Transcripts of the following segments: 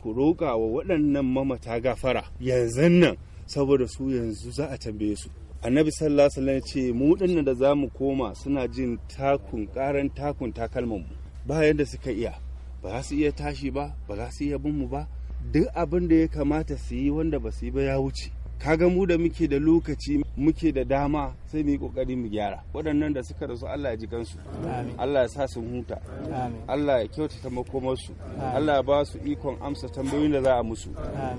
ku roƙa wa waɗannan mamata gafara yanzu nan saboda su yanzu za a tambaye su annabi sallallahu alaihi ce mu dinnan da zamu koma suna jin takun karan takun takalman mu ba yadda suka iya ba za su iya tashi ba ba za su iya bin mu ba duk abin da ya kamata su yi wanda ba su yi ba ya wuce kaga mu da muke da lokaci muke da dama sai mu yi kokari mu gyara waɗannan da suka rasu Allah ya ji kansu Allah ya sa sun huta Allah ya kyautata makomarsu Allah ya ba su ikon amsa tambayoyin da za a musu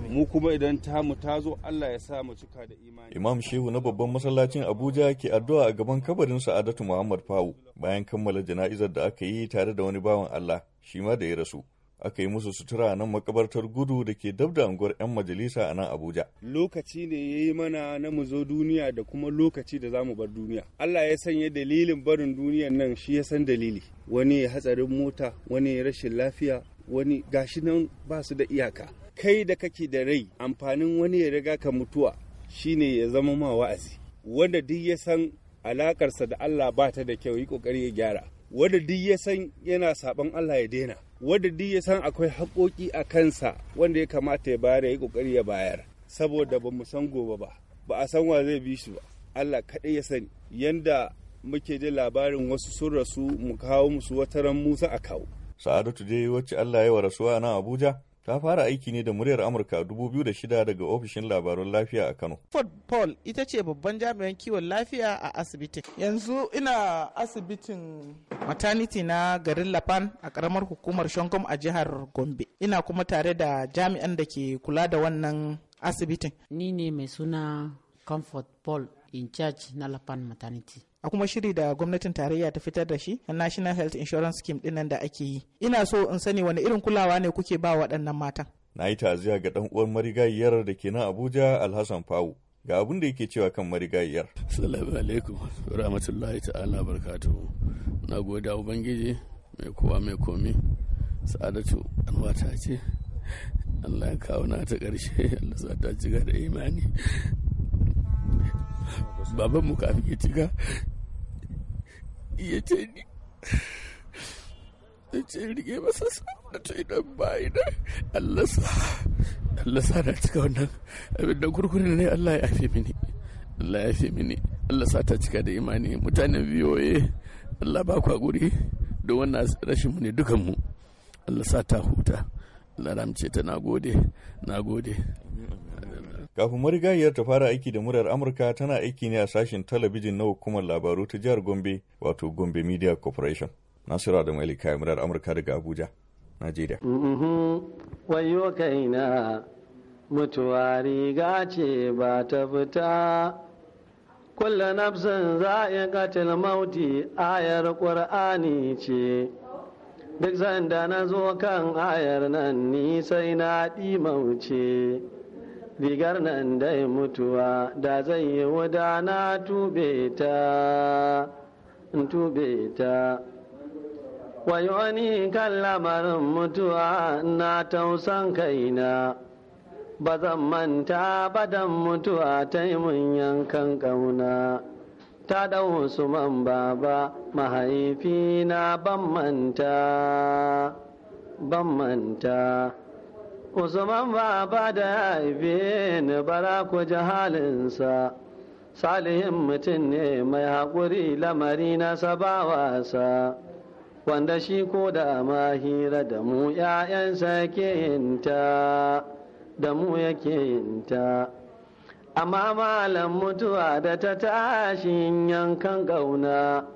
mu kuma idan tamu ta zo Allah ya sa mu cika da imani Imam Shehu na babban masallacin Abuja ke addu'a a gaban kabarin Sa'adatu Muhammad Fawu bayan kammala jana'izar da aka yi tare da wani bawan Allah shi ma da ya rasu aka yi musu sutura a nan makabartar gudu da ke dab da unguwar 'yan majalisa a nan Abuja. Lokaci ne ya yi mana na mu zo duniya da kuma lokaci da za mu bar duniya. Allah ya sanya dalilin barin duniyan nan shi ya san dalili. Wani hatsarin mota, wani rashin lafiya, wani gashi nan ba su da iyaka. Kai da kake da rai amfanin wani ya riga ka mutuwa shine ya zama ma wa'azi. Wanda duk ya san alakarsa da Allah ba ta da kyau yi kokari ya gyara. wanda duk ya san yana saban Allah ya daina wanda duk ya san akwai haƙoƙi a kansa wanda ya kamata ya bayar ya yi ƙoƙari ya bayar saboda ba mu san gobe ba ba a san wa zai bi shi ba Allah kaɗai ya sani yanda muke jin labarin wasu sun rasu mu kawo musu ran Musa a kawo sa'adatu dai wacce Allah ya wa rasuwa nan Abuja ta fara aiki ne da muryar Amurka a 2006 daga ofishin labarun lafiya a Kano. Ford Paul ita ce babban jami'an kiwon lafiya a asibitin. Yanzu ina asibitin maternity na garin Lafan a karamar hukumar Shankom a jihar Gombe. Ina kuma tare da jami'an da ke kula da wannan asibitin. Ni ne mai suna Comfort Paul in charge na Lafan maternity. a kuma shiri da gwamnatin tarayya ta fitar da shi a national health insurance scheme dinnan da ake yi ina so in sani wani irin kulawa ne kuke ba waɗannan matan na yi taziya ga dan uwan marigayiyar da ke nan abuja alhassan fawo ga abin da yake cewa kan marigayiyar assalamu alaikum rahmatullahi ta'ala barkatu na gode ubangiji mai kowa mai komi sa'adatu alwata ce allah ya kawo na ta ƙarshe allah sa ta jiga da imani baban mu kafin ya cika ya ce ni ya ce rige masa da ta idan bayi na Allah sa Allah sa na cika wannan abin da kurkurin ne Allah ya fi mini Allah ya fi mini Allah sa ta cika da imani mutanen biyoye Allah ba ku guri don wannan rashin mu ne dukanmu Allah sa ta huta Allah ramce ta nagode nagode Kafin marigayiyar ta fara aiki da murar Amurka tana aiki ne a sashen talabijin na hukumar labaru ta jihar Gombe wato Gombe Media Corporation. Nasiru da ya murar Amurka daga Abuja, Najeriya. Wayo kaina mutuwa riga ce ba ta fita. Kulla nafsin katil mauti ayar kurani ce. duk sanda na zo kan ayar nan ni sai na ɗi mauce. rigar nan ya mutuwa da zai yi wuda na tube ta tube ta wani kan lamarin mutuwa na tausan kaina ba zan manta ba badan mutuwa ta yi mun yankan kauna ta ɗau su man baba mahaifina ban manta ban manta Usman ba da ya haife ni bara ku ji halinsa, salihin mutum ne mai haƙuri lamari na sabawasa, wanda shi ko da ma hira da mu ‘ya'yansa yake yinta, da mu yake yinta. Amma malam mutuwa da ta tashi yankan ƙauna.